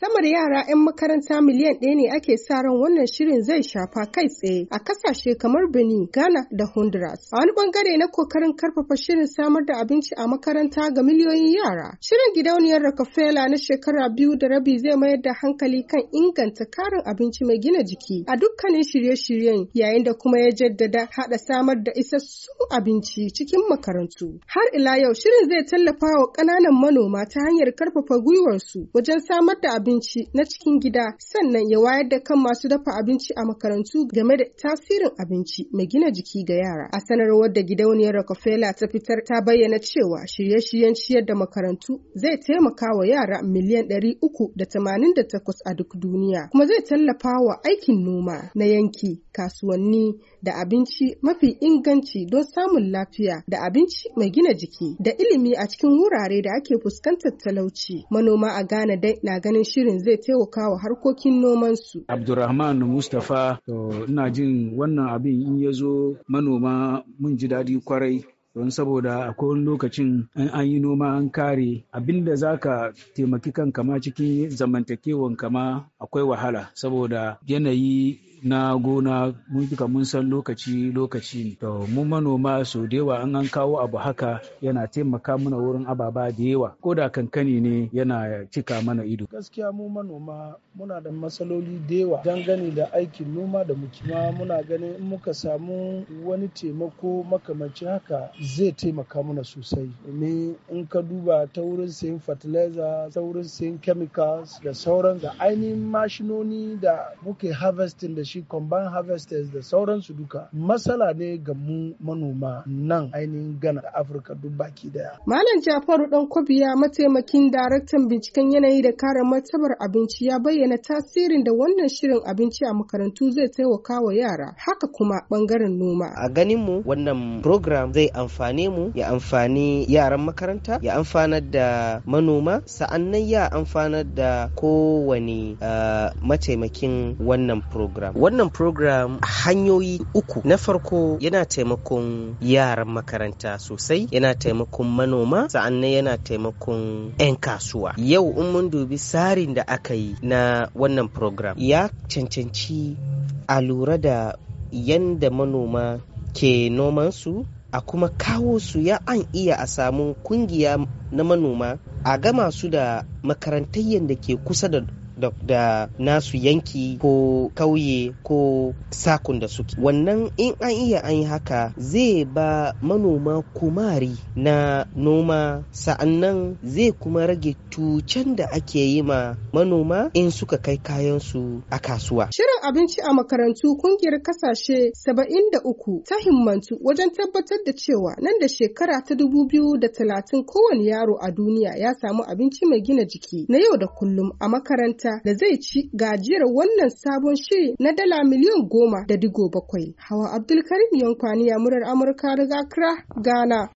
Samar yara 'yan makaranta miliyan ɗaya ne ake sa ran wannan shirin zai shafa kai tsaye a kasashe kamar Benin, Ghana da Honduras. A wani bangare na kokarin karfafa shirin samar da abinci a makaranta ga miliyoyin yara. Shirin gidauniyar Rockefeller na shekara biyu da rabi zai mayar da hankali kan inganta karin abinci mai gina jiki a dukkanin shirye-shiryen yayin da kuma ya jaddada haɗa samar da isassun abinci cikin makarantu. Har ila yau shirin zai tallafa wa ƙananan manoma ta hanyar karfafa gwiwarsu wajen samar da abinci abinci na cikin gida sannan ya wayar da kan masu dafa abinci a makarantu game da tasirin abinci mai gina jiki ga yara. A sanarwar da gidauniyar Rockefeller ta fitar ta bayyana cewa shirye-shiryen ciyar da makarantu zai taimaka wa yara miliyan ɗari uku da tamanin da takwas a duk duniya kuma zai tallafa wa aikin noma na yanki, kasuwanni da abinci mafi inganci don samun lafiya da abinci mai gina jiki da ilimi a cikin wurare da ake fuskantar talauci. Manoma a Ghana dai na ganin shi shirin zai taimaka wa harkokin nomansu. Abdurrahman Mustapha, ina jin wannan abin in ya zo manoma mun ji daɗi kwarai don saboda a kowane lokacin an an yi noma an kare abinda za ka taimaki kanka ma cikin zamantakewan kama akwai wahala saboda yanayi na gona mun duka mun san lokaci lokaci ne to mun manoma so da yawa an kawo abu haka yana taimaka mana wurin ababa da yawa ko da kankani ne yana cika mana ido gaskiya mu manoma muna da matsaloli da yawa dangane da aikin noma da muke ma muna ganin in muka samu wani taimako makamancin haka zai taimaka mana sosai Ni in ka duba ta wurin sayin fertilizer ta wurin sayin chemicals da sauran da ainihin mashinoni da muke harvesting da shi combine harvesters da sauransu duka matsala ne ga mu manoma nan ainihin gana da Afirka duk baki daya. Malam Jafaru dan Kobiya mataimakin daraktan binciken yanayi da kare martabar abinci ya bayyana tasirin da wannan shirin abinci a makarantu zai taimaka wa yara haka kuma bangaren noma. A ganin mu wannan program zai amfane mu ya amfani yaran makaranta ya amfanar da manoma sa'annan ya amfanar da kowane uh, mataimakin wannan program. wannan program hanyoyi uku na farko yana taimakon yaran makaranta sosai yana taimakon manoma sa'an sa'annan yana taimakon 'yan kasuwa yau in mun dubi tsarin da aka yi na wannan program ya cancanci a lura da yanda manoma ke nomansu a kuma kawo su ya an iya a samu kungiya na manoma a gama su da makarantayyar da ke kusa da da nasu yanki ko kauye ko sakun da suke wannan in an iya an yi haka zai ba manoma kumari na noma sa'annan zai kuma rage tucen da ake yi ma manoma in suka kai kayansu a kasuwa shirin abinci a makarantu kungiyar kasashe 73 ta himmantu wajen tabbatar da cewa nan da shekara ta 2030 kowane yaro a duniya ya samu abinci mai gina jiki na yau da kullum a makaranta da zai ci gajiyar wannan sabon shiri na dala miliyan goma da digo bakwai. Hawa Abdulkarim Yankwani ya murar Amurka daga Accra, Ghana.